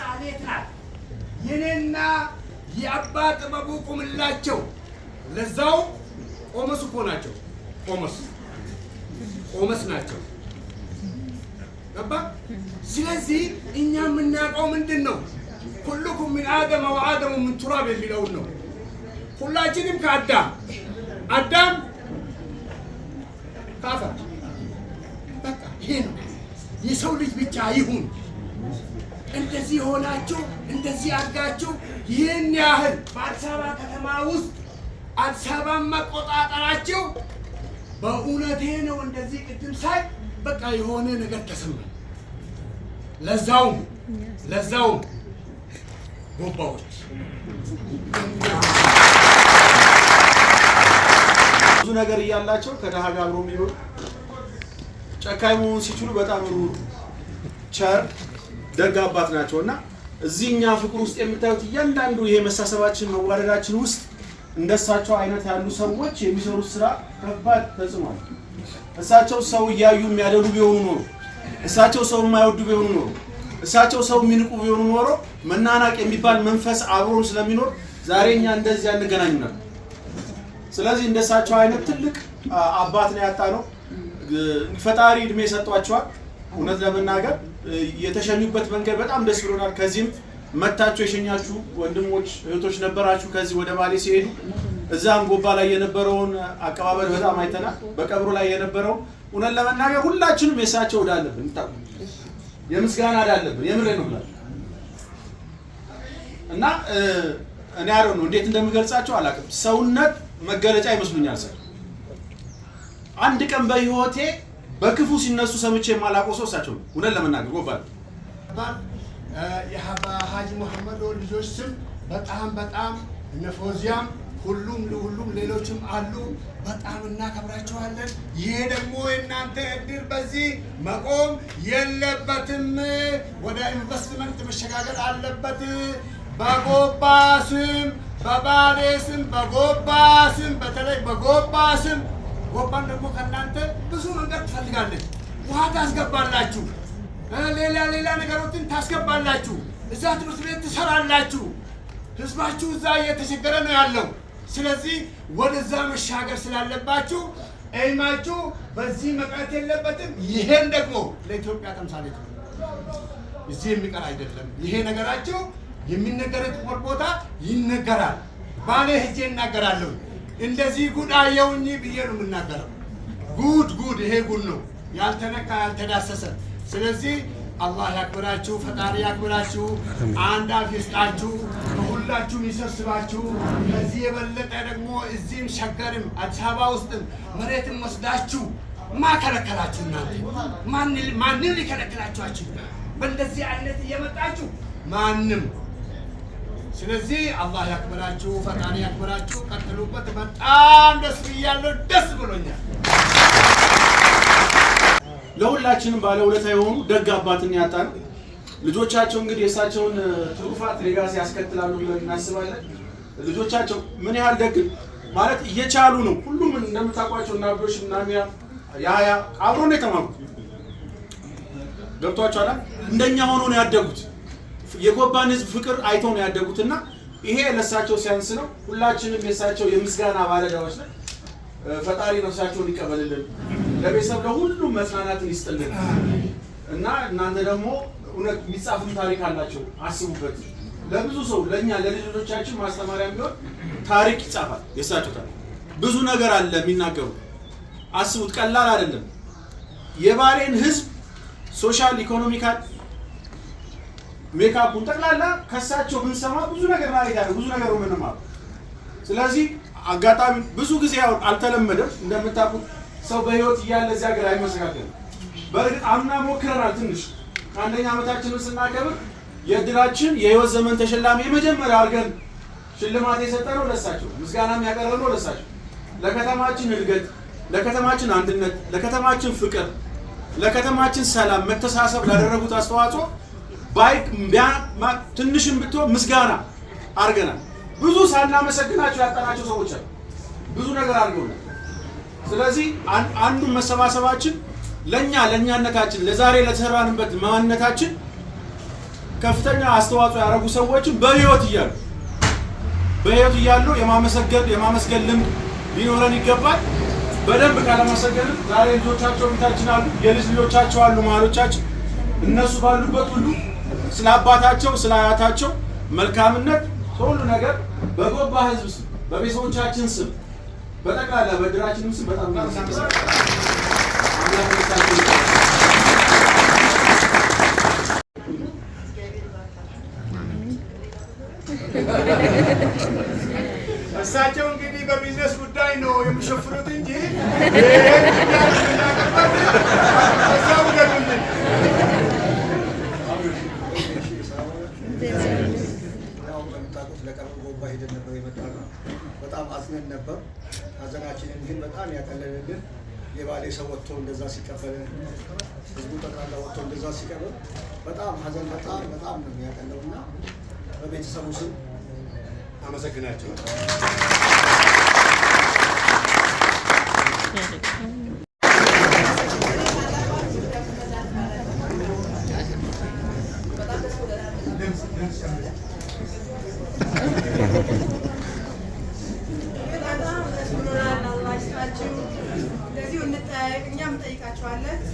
የንስሐ ናት። የኔና የአባ ጥበቡ ቁምላቸው ለዛው ቆመስ እኮ ናቸው። ቆመስ ቆመስ ናቸው። ገባ። ስለዚህ እኛ የምናውቀው ምንድን ነው? ሁሉኩም ምን አደመ ወአደሙ ምን ቱራብ የሚለውን ነው። ሁላችንም ከአዳም አዳም ከአፈር። በቃ ይሄ ነው የሰው ልጅ ብቻ ይሁን እንደዚህ ሆናችሁ እንደዚህ አድርጋችሁ ይህን ያህል በአዲስ አበባ ከተማ ውስጥ አዲስ አበባን መቆጣጠራችሁ በእውነቴ ነው። እንደዚህ ቅድም ሳይ በቃ የሆነ ነገር ተሰማኝ። ለዛውም ለዛውም ጎባዎች ብዙ ነገር እያላቸው ከደሃ ጋር አብሮ የሚኖሩ ጨካኝ መሆን ሲችሉ በጣም ቸር ደግ አባት ናቸው እና እዚህ እኛ ፍቅር ውስጥ የምታዩት እያንዳንዱ ይሄ መሳሰባችን መዋደዳችን ውስጥ እንደሳቸው አይነት ያሉ ሰዎች የሚሰሩት ስራ ከባድ ተጽዕኗል። እሳቸው ሰው እያዩ የሚያደሉ ቢሆኑ ኖሮ፣ እሳቸው ሰው የማይወዱ ቢሆኑ ኖሮ፣ እሳቸው ሰው የሚንቁ ቢሆኑ ኖሮ መናናቅ የሚባል መንፈስ አብሮ ስለሚኖር ዛሬ እኛ እንደዚህ አንገናኝ ስለዚህ እንደሳቸው አይነት ትልቅ አባት ነው ያጣ ነው። ፈጣሪ እድሜ ሰጧቸዋል እውነት ለመናገር የተሸኙበት መንገድ በጣም ደስ ብሎናል። ከዚህም መታችሁ የሸኛችሁ ወንድሞች እህቶች ነበራችሁ ከዚህ ወደ ማሌ ሲሄዱ እዛም ጎባ ላይ የነበረውን አቀባበል በጣም አይተናል። በቀብሩ ላይ የነበረው እውነት ለመናገር ሁላችንም የሳቸው ዕዳ አለብን፣ የምስጋና ዕዳ የምሬ ነው እና እኔ አረ ነው እንዴት እንደምገልጻቸው አላውቅም። ሰውነት መገለጫ ይመስሉኛል። ሰ አንድ ቀን በህይወቴ በክፉ ሲነሱ ሰምቼ የማላውቀው ሰው እሳቸው ነው። እውነት ለመናገር ጎባል የሀጂ መሐመድ ልጆች ስም በጣም በጣም እነፎዚያም ሁሉም ሁሉም ሌሎችም አሉ። በጣም እናከብራቸዋለን። ይሄ ደግሞ የእናንተ እድር በዚህ መቆም የለበትም፣ ወደ ኢንቨስትመንት መሸጋገር አለበት። በጎባ ስም፣ በባሌ ስም፣ በጎባ ስም፣ በተለይ በጎባ ስም ጎባን ደግሞ ከእናንተ ብዙ መንገድ ትፈልጋለች። ውሃ ታስገባላችሁ፣ ሌላ ሌላ ነገሮችን ታስገባላችሁ። እዛ ትምህርት ቤት ትሰራላችሁ። ህዝባችሁ እዛ እየተቸገረ ነው ያለው። ስለዚህ ወደዛ መሻገር ስላለባችሁ እይማችሁ በዚህ መቅረት የለበትም። ይሄን ደግሞ ለኢትዮጵያ ተምሳሌት ነው። እዚህ የሚቀር አይደለም። ይሄ ነገራችሁ የሚነገረት ቦታ ይነገራል። ባለ ሂጄ እናገራለሁ እንደዚህ ጉድ አየውኝ ብዬ ነው የምናገረው። ጉድ ጉድ፣ ይሄ ጉድ ነው ያልተነካ ያልተዳሰሰ። ስለዚህ አላህ ያክብራችሁ፣ ፈጣሪ ያክብራችሁ፣ አንድ አፍ ይስጣችሁ፣ ሁላችሁም ይሰብስባችሁ። ከዚህ የበለጠ ደግሞ እዚህም ሸገርም አዲስ አበባ ውስጥም መሬትም ወስዳችሁ ማ ከለከላችሁ? እናንተ ማንን ሊከለክላችኋችሁ? በእንደዚህ አይነት እየመጣችሁ ማንም ስለዚህ አላህ ያክብራችሁ፣ ፈጣሪ ያክብራችሁ፣ ቀጥሉበት። በጣም ደስ ብያለሁ፣ ደስ ብሎኛል። ለሁላችንም ባለውለታ የሆኑ ደግ አባትን ያጣን ልጆቻቸው እንግዲህ የእሳቸውን ትሩፋት ሌጋሲ ያስከትላሉ ብለን እናስባለን። ልጆቻቸው ምን ያህል ደግ ማለት እየቻሉ ነው። ሁሉም እንደምታውቋቸው እና ብሎሽ ምናሚያ ያያ አብሮ ነው የተማሩት። ገብቷቸኋላ እንደኛ ሆኖ ነው ያደጉት። የጎባን ህዝብ ፍቅር አይቶ ነው ያደጉትና ይሄ ለሳቸው ሲያንስ ነው። ሁላችንም የሳቸው የምስጋና ባለዳዎች ነን። ፈጣሪ ነፍሳቸውን ይቀበልልን፣ ለቤተሰብ ለሁሉም መጽናናትን ይስጥልን እና እናንተ ደግሞ እውነት የሚጻፍም ታሪክ አላቸው። አስቡበት። ለብዙ ሰው ለእኛ ለልጆቻችን ማስተማሪያ ቢሆን ታሪክ ይጻፋል። የሳቸው ታሪክ ብዙ ነገር አለ የሚናገሩ አስቡት። ቀላል አይደለም። የባሌን ህዝብ ሶሻል ኢኮኖሚካል ሜካፑን ጠቅላላ ከሳቸው ብንሰማ ብዙ ነገር ማለት ብዙ ነገር ምን ማለት። ስለዚህ አጋጣሚ ብዙ ጊዜ ያው አልተለመደም። እንደምታውቁት ሰው በህይወት እያለ እዚህ ሀገር አይመሰካከልም። በእርግጥ አምና ሞክረናል። ትንሽ አንደኛ ዓመታችንን ስናከብር የእድላችን የህይወት ዘመን ተሸላሚ የመጀመሪያ አድርገን ሽልማት የሰጠነው ለሳቸው፣ ምስጋናም ያቀረብነው ለሳቸው። ለከተማችን እድገት፣ ለከተማችን አንድነት፣ ለከተማችን ፍቅር፣ ለከተማችን ሰላም፣ መተሳሰብ ላደረጉት አስተዋጽኦ ትንሽም ብትሆን ምስጋና አድርገናል። ብዙ ሳናመሰግናቸው ያጠናቸው ሰዎች አሉ። ብዙ ነገር አድርገውናል። ስለዚህ አንዱ መሰባሰባችን ለእኛ ለእኛነታችን ለዛሬ ለተሰራንበት ማንነታችን ከፍተኛ አስተዋጽኦ ያደረጉ ሰዎችን በህይወት እያሉ በህይወት እያሉ የማመሰገን የማመስገን ልምድ ሊኖረን ይገባል። በደንብ ካለመሰገንም ዛሬ ልጆቻቸው ቤታችን አሉ፣ የልጅ ልጆቻቸው አሉ፣ መሀሎቻችን እነሱ ባሉበት ሁሉ ስለ አባታቸው ስለ አያታቸው መልካምነት ሁሉ ነገር በጎባ ህዝብ ስም በቤተሰቦቻችን ስም በጠቅላላ በድራችንም ስም በጣም እሳቸው እንግዲህ በቢዝነስ ጉዳይ ነው የሚሸፍሩት እንጂ በጣም አዝነን ነበር። ሐዘናችንን ግን በጣም ያቀለልልን የባሌ ሰው ወጥቶ እንደዛ ሲቀበል ህዝቡ ጠቅላላ ወጥቶ እንደዛ ሲቀበል በጣም ሀዘን በጣም በጣም ነው የሚያቀለው እና በቤተሰቡ ስም አመሰግናቸው። እናመሰግናችኋለን።